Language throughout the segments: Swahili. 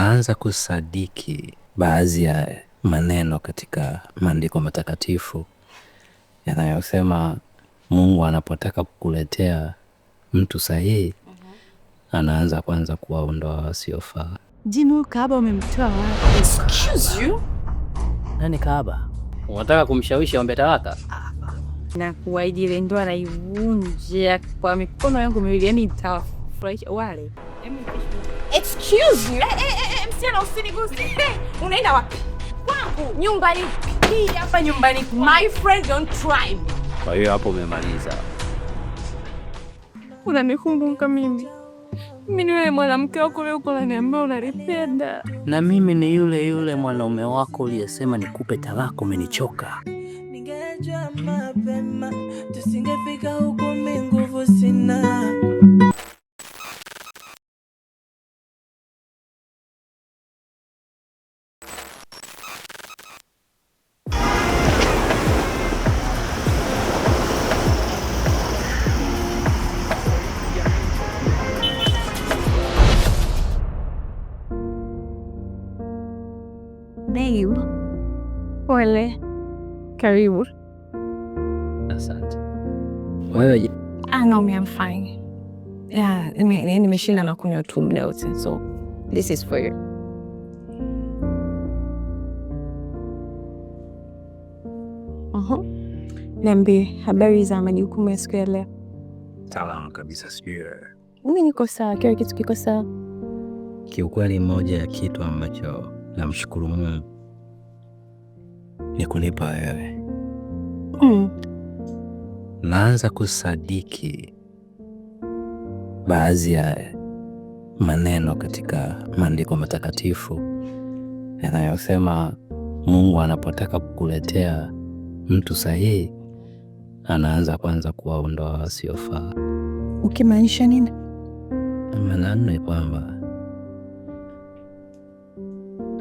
wanaanza kusadiki baadhi ya maneno katika maandiko matakatifu yanayosema Mungu anapotaka kukuletea mtu sahihi mhm. anaanza kwanza kuwaondoa wasiofaa. Jinu kahaba umemtoa wapi? Excuse you? Nani kahaba? Unataka kumshawishi ombe talaka? Na kuahidi ile ndoa naivunja kwa mikono yangu miwili, yani itawafurahisha wale Excuse you. Eh, eh, eh, msichana usiniguse. Unaenda wapi? Kwangu. Nyumbani. Hii hapa nyumbani. My friend don't try me. Kwa hiyo hapo umemaliza. Una kama mimi? Mimi ni yule mwanamke wako leo kwa nani unaniambia unalipenda. Na mimi ni yule yule mwanaume wako uliyesema nikupe talaka, umenichoka. Ningejua mapema tusingefika huko, mimi nguvu sina. Pole. Karibu. Asante. Wewe ah, no, me I'm fine. Yeah, nimeshinda na kunywa tu muda wote. So this is for you. Niambie habari za majukumu ya siku ya leo. Salama kabisa, sijui mimi niko sawa, kila kitu kiko sawa. Kiukweli, moja ya kitu ambacho namshukuru Mungu ni kunipa wewe mm. Naanza kusadiki baadhi ya maneno katika maandiko matakatifu yanayosema Mungu anapotaka kukuletea mtu sahihi anaanza kwanza kuwaondoa wasiofaa. Ukimaanisha nini? Maana ni kwamba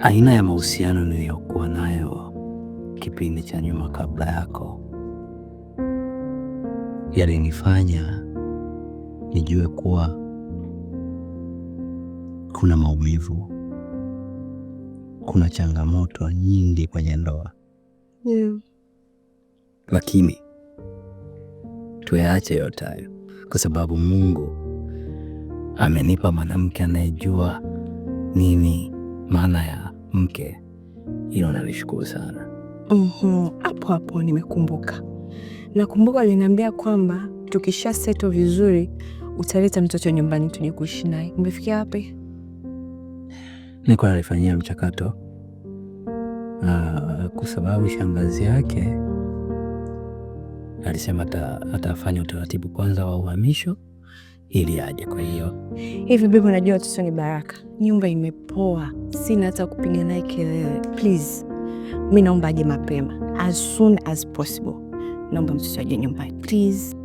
aina ya mahusiano niliyokuwa nayo kipindi cha nyuma kabla yako yalinifanya nijue kuwa kuna maumivu, kuna changamoto nyingi kwenye ndoa yeah. Lakini tuyaache yote hayo kwa sababu Mungu amenipa mwanamke anayejua nini maana ya mke. Hilo nalishukuru sana. Uhum, hapo hapo nimekumbuka. Nakumbuka aliniambia kwamba tukisha seto vizuri utaleta mtoto nyumbani tuje kuishi naye. Umefikia wapi? Niko nalifanyia mchakato ah, kwa sababu shangazi yake alisema atafanya utaratibu kwanza wa uhamisho ili aje. Kwa hiyo hivi, bibi, unajua watoto ni baraka. Nyumba imepoa, sina hata kupiga naye kelele. Please mi naomba aje mapema as soon as possible. Naomba mtoto aje nyumbani please.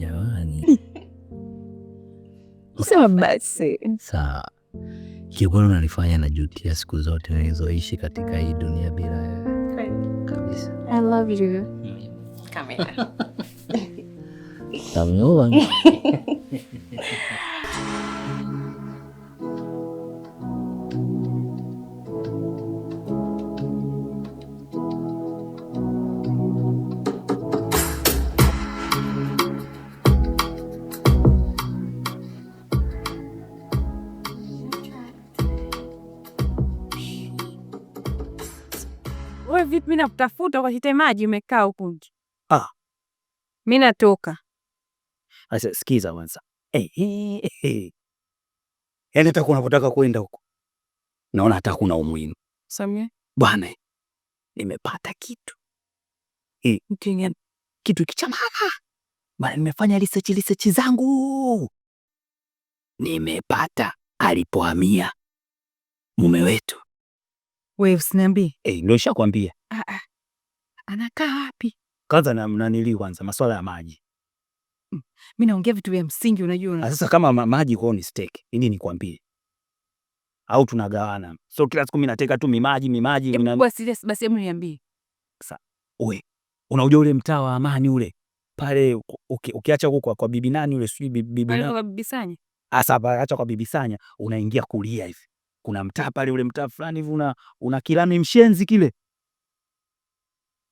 Jamani, sema basi, sawa. Kiukweli unanifanya najutia siku zote nilizoishi katika hii dunia bila ya kabisa. I love you. wewe vipi? Mimi nakutafuta ukachita maji, umekaa huku nje. Ah, mimi natoka. Asa, sikiza kwanza. Eh, eh, eh. eh. Yaani hata unapotaka kwenda huko naona hata kuna umuhimu. Samia bwana, nimepata kitu eh, kitu kichamara bwana. Nimefanya research research zangu, nimepata alipohamia mume wetu wewe usiniambie. Eh, ndio nishakwambia. Ah ah. Anakaa wapi? Kwanza na mnanili kwanza masuala ya maji. Mimi mm, naongea vitu vya msingi unajua una. Ah, sasa kama ma maji kwao ni steak, nini nikwambie. Au tunagawana. So kila siku mimi nateka tu mimaji mimaji mna. Kwa serious basi hebu niambie. Sasa wewe unajua ule mtaa wa Amani ule pale ukiacha okay, huko kwa, kwa bibi nani ule sijui bibi nani. Kwa bibi Sanya. Ah, Asa acha kwa bibi Sanya unaingia kulia hivi kuna mtaa pale, ule mtaa fulani hivi una, una kilami mshenzi kile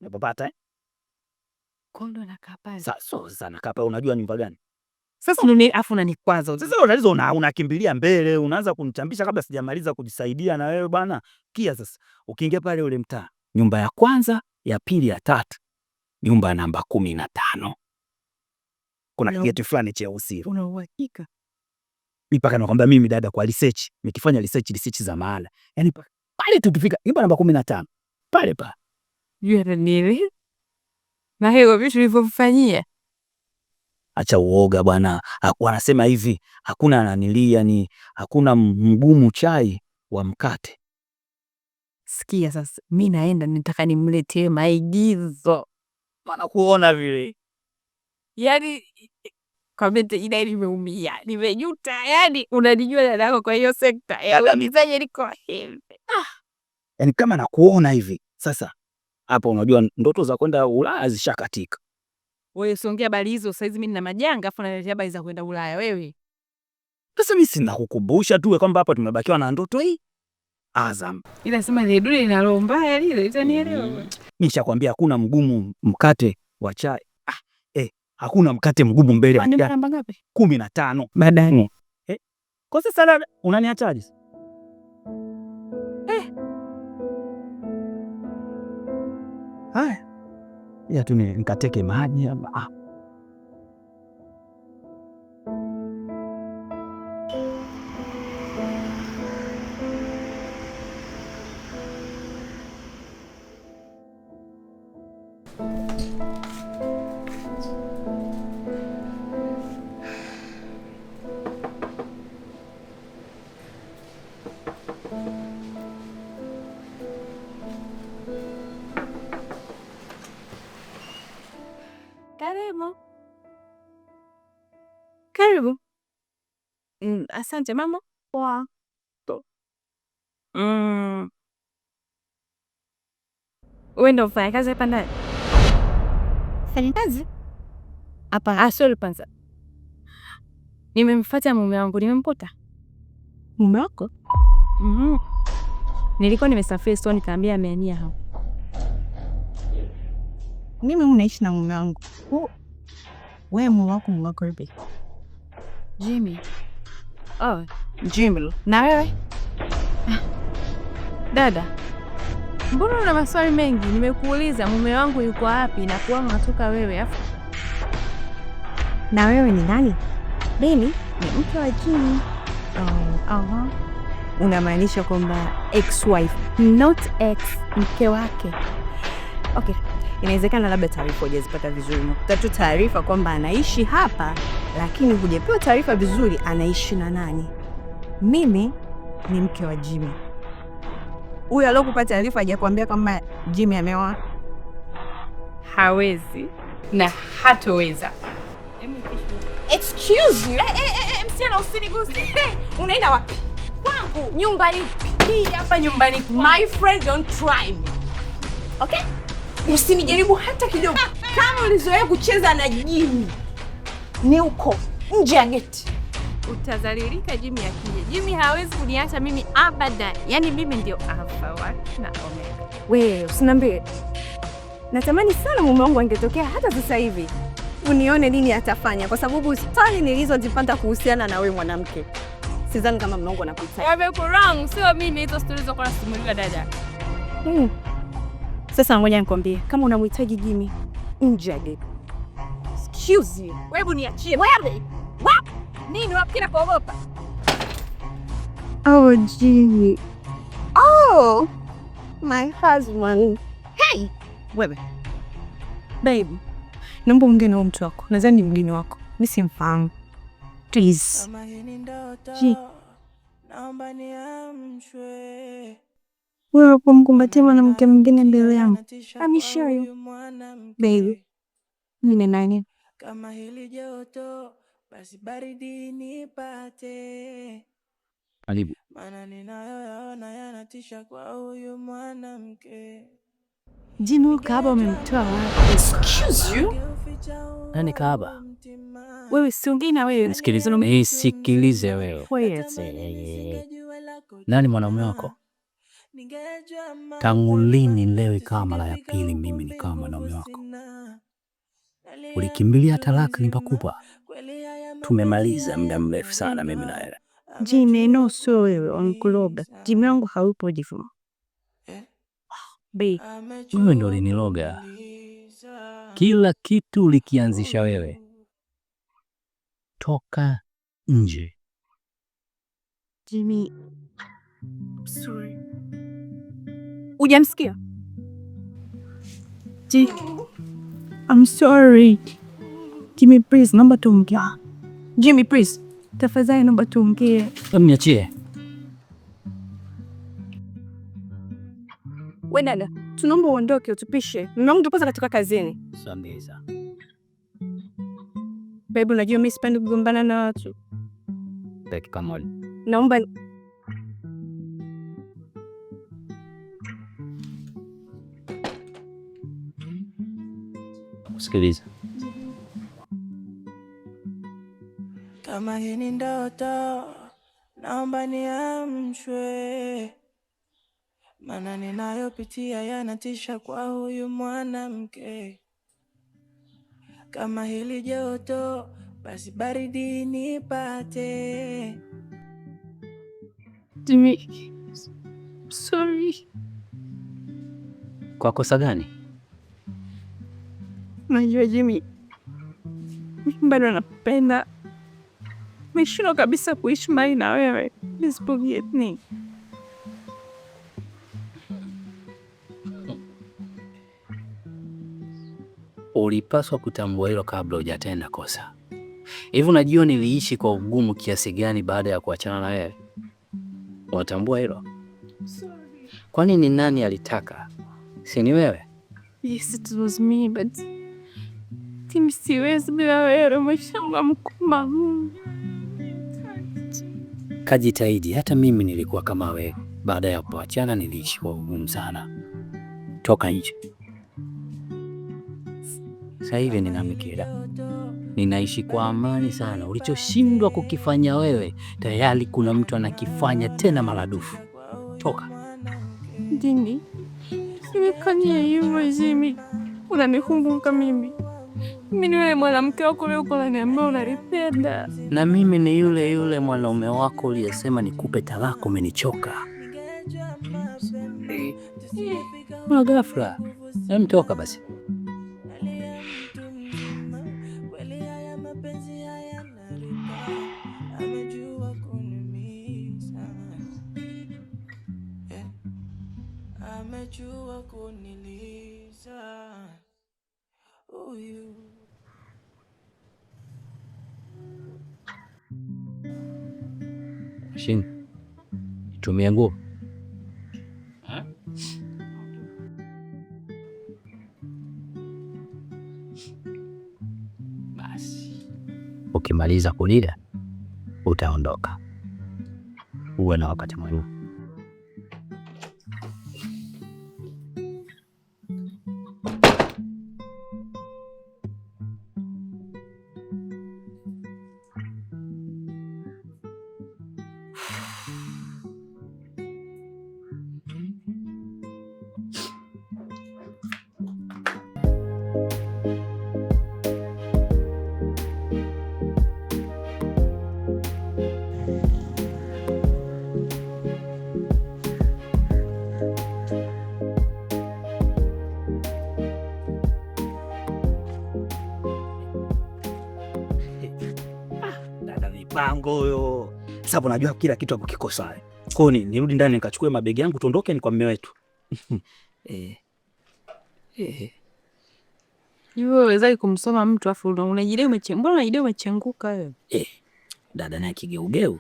unapopata eh? Sasa nakaa pale, unajua nyumba gani sasa afu unanikwaza sasa, unalizo unakimbilia mbele, unaanza kunitambisha kabla sijamaliza kujisaidia na wewe bwana kia. Sasa ukiingia pale ule mtaa, nyumba ya kwanza ya pili ya tatu, nyumba namba kumi na tano kuna kigeti fulani cheusi. Una uhakika? mi mpaka nakwambia mimi dada, kwa research nikifanya research, research za maana yani, pale tukifika nyumba namba kumi na tano pale pa nini na hiyo vitu vilivyofanyia, acha uoga bwana. Wanasema hivi hakuna nanilia ni hakuna mgumu chai wa mkate. Sikia sasa, mi naenda nitaka nimletee maigizo, maana kuona vile yani kwambie jina hili limeumia limejuta, yani unanijua dadako kwa hiyo sekta yamizaje liko hivi ah. Yani eh, kama nakuona hivi sasa hapo, unajua ndoto za kwenda Ulaya zishakatika. Wewe usiongea habari hizo saizi, mimi nina majanga afu naletea habari za kwenda Ulaya wewe. Sasa mimi sina kukumbusha tu kwamba hapa tumebakiwa na ndoto hii Azam, ila sema ile dude ina roho mbaya lile, utanielewa. Mimi mm. nishakwambia hakuna mgumu mkate wa chai hakuna mkate mgumu mbele. Namba ngapi? kumi na tano badani. Mm. Eh, kwa sasa unaniachaje? Eh. haya ya tu nikateke maji ama ah. asante mama poa. Mm. Wewe ndo mfanyakazi hapa ndani? Mfanyakazi? Hapa sori, kwanza nimemfuata mume wangu, nimemkuta mume wako. Mm -hmm. Nilikuwa nimesafiri, so nikaambia ameania hao. Mimi mnaishi na mume wangu. Wewe mume wako mume wako Jimmy Oh, Jimlo. Na wewe? Ah, dada, mbona una maswali mengi? Nimekuuliza mume wangu yuko wapi na kuwa unatoka wewe afu. Na wewe ni nani? mimi ni mke wa Jimmy. Oh, uh -huh. Unamaanisha kwamba ex wife, not ex mke wake. Okay inawezekana labda taarifa hujazipata vizuri. Unakuta tu taarifa kwamba anaishi hapa, lakini hujapewa taarifa vizuri anaishi na nani. Mimi ni mke wa Jimmy. Huyu aliokupa taarifa hajakuambia kwamba Jimmy ameoa? Hawezi na hatoweza. Excuse hey, eh, eh, eh, Msichana usiniguse. Unaenda wapi? Kwangu nyumbani. Hii hapa nyumbani. My friend don't try me. Okay? Usinijaribu hata kidogo. Kama ulizoea kucheza na Jimi, ni uko nje ya geti. Utadhalilika Jimi akija. Jimi hawezi kuniacha mimi abada. Yaani mimi ndio alfa na omega. Wewe usinambie, Natamani sana mume wangu angetokea hata sasa hivi unione nini atafanya, kwa sababu stari nilizozipata kuhusiana na wewe mwanamke, sidhani kama mume wangu anapita. Wamekurang, sio mimi. Hizo stori zilizokuwa nasimulia dada. Mm. Sasa ngoja nikwambie, kama unamhitaji Jimmy nje ya geti. Excuse me. Wewe niachie. Wewe. Wap. Nini wapi wafikira kuogopa? Oh, Jimmy. Oh. My husband. Hey. Wewe. Babe. Naomba ungeni na mtu wako. Nadhani ni mgeni wako. Mimi simfahamu. Please. Naomba niamshwe wewe kumkumbatia mwanamke mwingine mbele yangu. Amishai baby, nine nani kama hili joto basi baridi nipate. Alibu, maana ninayoyaona yanatisha kwa huyu mwanamke. Jini, huyu kahaba umemtoa wapi? Excuse you? Nani kahaba? Wewe siongei na wewe. Nisikilize nisikilize wewe. Nani mwanaume wako? Tangu lini leo ikawa mara ya pili mimi nikawa mwanaume wako? Ulikimbilia talaka nipakupa. Tumemaliza muda mrefu sana mimi na wewe. no, sio wewe wankuloga Jime wangu haupo hivyo. Eh? Be, wewe ndo uliniloga. Kila kitu ulikianzisha oh. wewe. Toka nje. Jimmy. Sorry. Hujamsikia? I'm sorry. Jimmy please, naomba tuongee. Jimmy please, tafadhali naomba tuongee. Niachie. We nana, tunaomba uondoke utupishe. Mume wangu kwanza katoka kazini. Sameza. Babe, unajua mimi sipendi kugombana na watu. Dakika moja. Naomba kusikiliza. Kama hii ni ndoto, naomba niamshwe, maana ninayopitia yanatisha kwa huyu mwanamke. Kama hili joto, basi baridi nipate. sorry. Kwa kosa gani? Najua Jimmy bado nakupenda, meshindwa kabisa kuishi mbali na wewe. Misipogetni ulipaswa kutambua hilo kabla hujatenda kosa. Hivi unajua niliishi kwa ugumu kiasi gani baada ya kuachana na wewe? Unatambua hilo? Kwani ni nani alitaka? Si ni wewe? Yes, it was me, but Yetim siwezi bila wewe, umeshamba mkubwa. Kajitahidi, hata mimi nilikuwa kama wewe. Baada ya kuachana, niliishi kwa ugumu sana. Toka nje. Sasa hivi nina mikira, ninaishi kwa amani sana. Ulichoshindwa kukifanya wewe, tayari kuna mtu anakifanya tena maradufu. Toka dini imekania hiyo, unanikumbuka mimi mimi ni yule mwanamke wako leo kwa niambia unalipenda, na mimi ni yule yule mwanaume wako uliyesema nikupe talaka. Umenichoka eh. na ghafla emtoka basi. Amejua kuniliza Shin, itumie nguo. basi. Ukimaliza kulila utaondoka, uwe na wakati mwema. sababu najua kila kitu hapo kiko sawa. Kwa hiyo nirudi ndani nikachukue mabegi yangu tuondoke ni kwa mume wetu. Eh. Eh. Wewe kumsoma mtu afu unajidai umeche, mbona unajidai umechenguka wewe? Eh. Dada naye kigeugeu.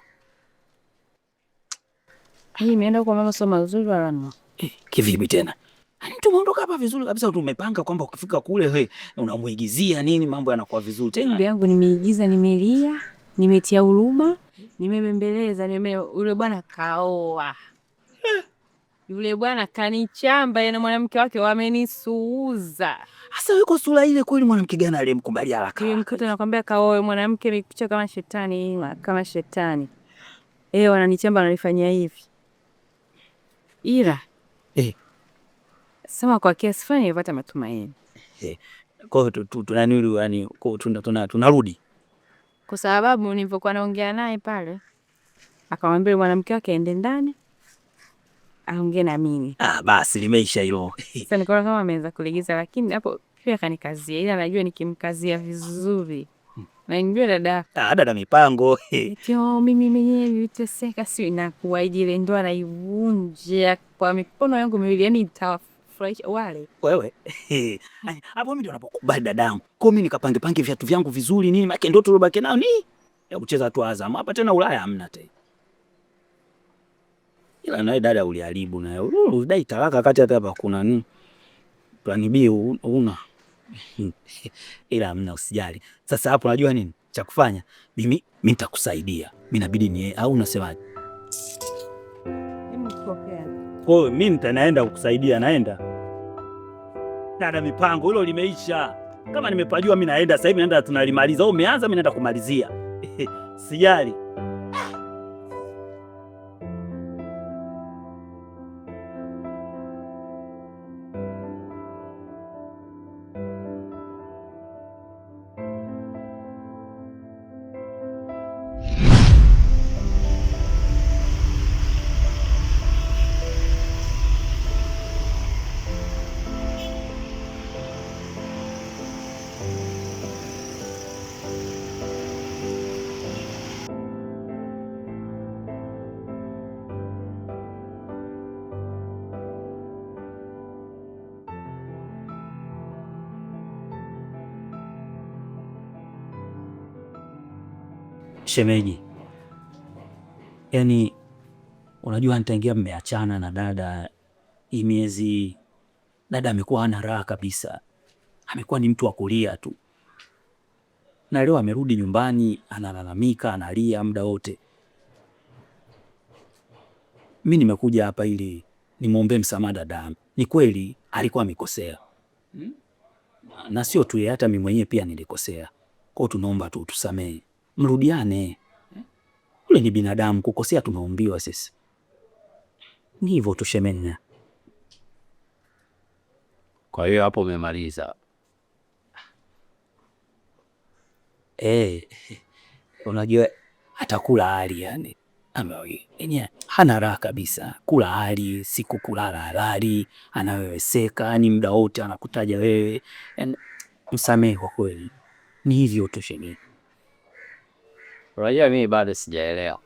Hii imeenda kwa mama soma uzuri wala no. Eh, kivipi tena? Ani tumeondoka hapa vizuri kabisa, tumepanga kwamba ukifika kule he unamuigizia nini, mambo yanakuwa vizuri tena. Bibi yangu nimeigiza nimelia nimetia huruma, nimebembeleza, nime yule bwana kaoa, yule bwana kanichamba, yana mwanamke wake wamenisuuza. Sasa yuko sura ile kweli, mwanamke gani aliyemkubalia haraka? Yule Mkuta nakwambia kaoe mwanamke mikucha kama shetani, kama shetani. Eh, wananichamba wananifanyia hivi. Ila eh, sema kwa kiasi fulani nilipata matumaini. Eh, kwa hiyo tunanuru yani tunarudi tuna, tuna, tuna, tuna, tuna, tuna, tuna, tuna, kwa sababu nilivyokuwa naongea naye pale akamwambia mwanamke wake aende ndani aongee na mimi. Ah, basi limeisha hilo. Sasa nikaona kama ameweza kulegeza, lakini hapo pia kanikazia, ila najua nikimkazia vizuri Najua njua dada ah, dada mipango tio, oh, mimi mwenyewe niliteseka, si inakuwa ile ndoa naivunja kwa mikono yangu miwili, yani itawa kufurahisha wale wewe hapo. Mimi ndio napokubali dadangu, kwa mimi nikapange pange viatu vyangu vizuri nini, maana ndio tulobaki nao ni ya kucheza tu Azam hapa, tena Ulaya hamna tena. Ila nawe dada uliharibu naye, udai talaka kati hata hapa kuna nini, plani B una ila hamna, usijali. Sasa hapo unajua nini cha kufanya, mimi mimi nitakusaidia, mimi inabidi ni au unasemaje? Kwa hiyo Mimi nitaenda kukusaidia, naenda na na mipango, hilo limeisha. Kama nimepajua mimi naenda sasa hivi, naenda tunalimaliza. Au umeanza, mimi naenda kumalizia. Sijali. shemeji, yani unajua nitaingia, mmeachana na dada hii miezi, dada amekuwa hana raha kabisa, amekuwa ni mtu wa kulia tu, na leo amerudi nyumbani analalamika, analia muda wote. Mi nimekuja hapa ili nimwombe msamaha dada. Ni kweli alikuwa amekosea, hmm? na sio tu yeye, hata mimi mwenyewe pia nilikosea, kwao tunaomba tu tusamee mrudiane. Ule ni binadamu, kukosea tumeumbiwa sisi. Ni hivyo tu Kwa hiyo hapo umemaliza? Eh, unajua atakula hali yani enye hana raha kabisa, kula hali siku kulala halali, anaweweseka yani muda wote anakutaja wewe. Msamehe kwa kweli, ni hivyo tu Unajua mimi bado sijaelewa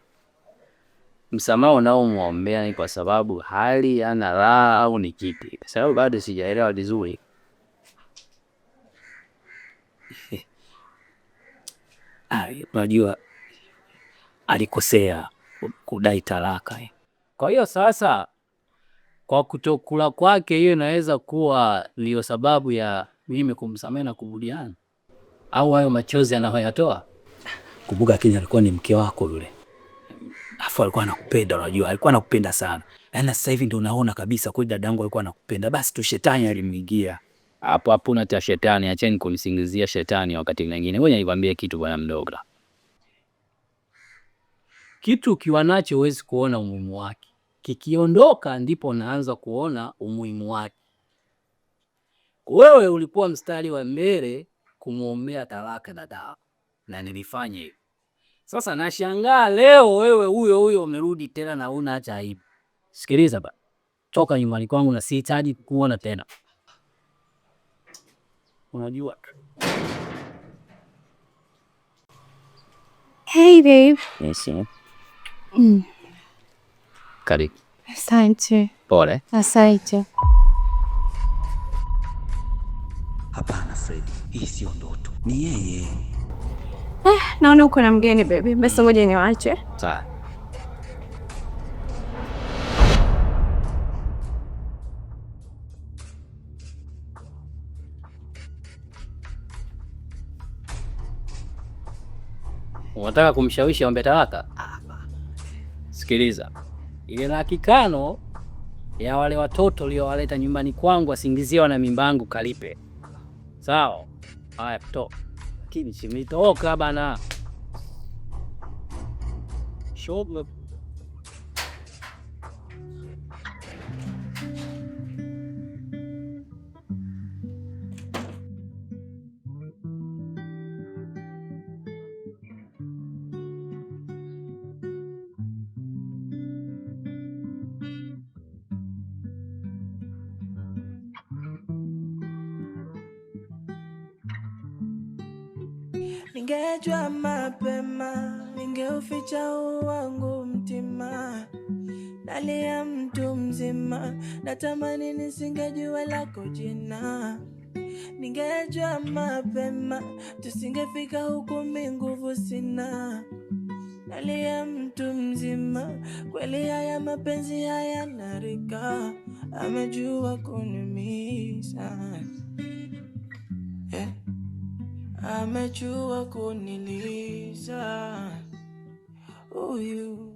msamaha unaomwombea ni kwa sababu hali ana raha au ni kipi? Kwa sababu bado sijaelewa vizuri. Unajua alikosea kudai talaka, kwa hiyo sasa kwa kutokula kwake, hiyo inaweza kuwa ndio sababu ya mimi kumsamehe na kubudiana, au hayo machozi anayoyatoa Kumbuka Kenya alikuwa ni mke wako yule, afu alikuwa anakupenda, unajua alikuwa anakupenda sana. Yaani sasa hivi ndio unaona kabisa kweli dadangu alikuwa anakupenda. Basi tu shetani alimwingia hapo hapo. na ta shetani, acheni kumsingizia shetani. Wakati mwingine Ngoja nikwambie kitu bwana mdogo, kitu ukiwa nacho huwezi kuona umuhimu wake, kikiondoka ndipo unaanza kuona umuhimu wake. Wewe ulikuwa mstari wa mbele kumwombea talaka dadao na nilifanya hivyo. Sasa nashangaa leo wewe huyo huyo umerudi tena na una hata aibu. Sikiliza ba, toka nyumbani kwangu na sihitaji kuona tena. Unajua Hey babe. Yes, yeah. Mm. Kari. Asante. Pole. Asante. Hapana Fred, hii sio ndoto, ni yeye. Eh, naona uko na mgeni baby. Basi ngoja niwaache. Sawa. Unataka kumshawishi ombe talaka? Sikiliza, ile laki tano ya wale watoto uliowaleta nyumbani kwangu wasingiziwa na mimba yangu kalipe, sawa? Haya, kutoka Kim kimsimi toka bana. mu? mapema, ningeuficha uwangu mtima, nalia mtu mzima, natamani nisingejua lako jina. Ningejua mapema, tusingefika huku, mi nguvu sina, nalia mtu mzima. Kweli haya mapenzi haya narika amejua kunimisa yeah amejua kuniliza huyu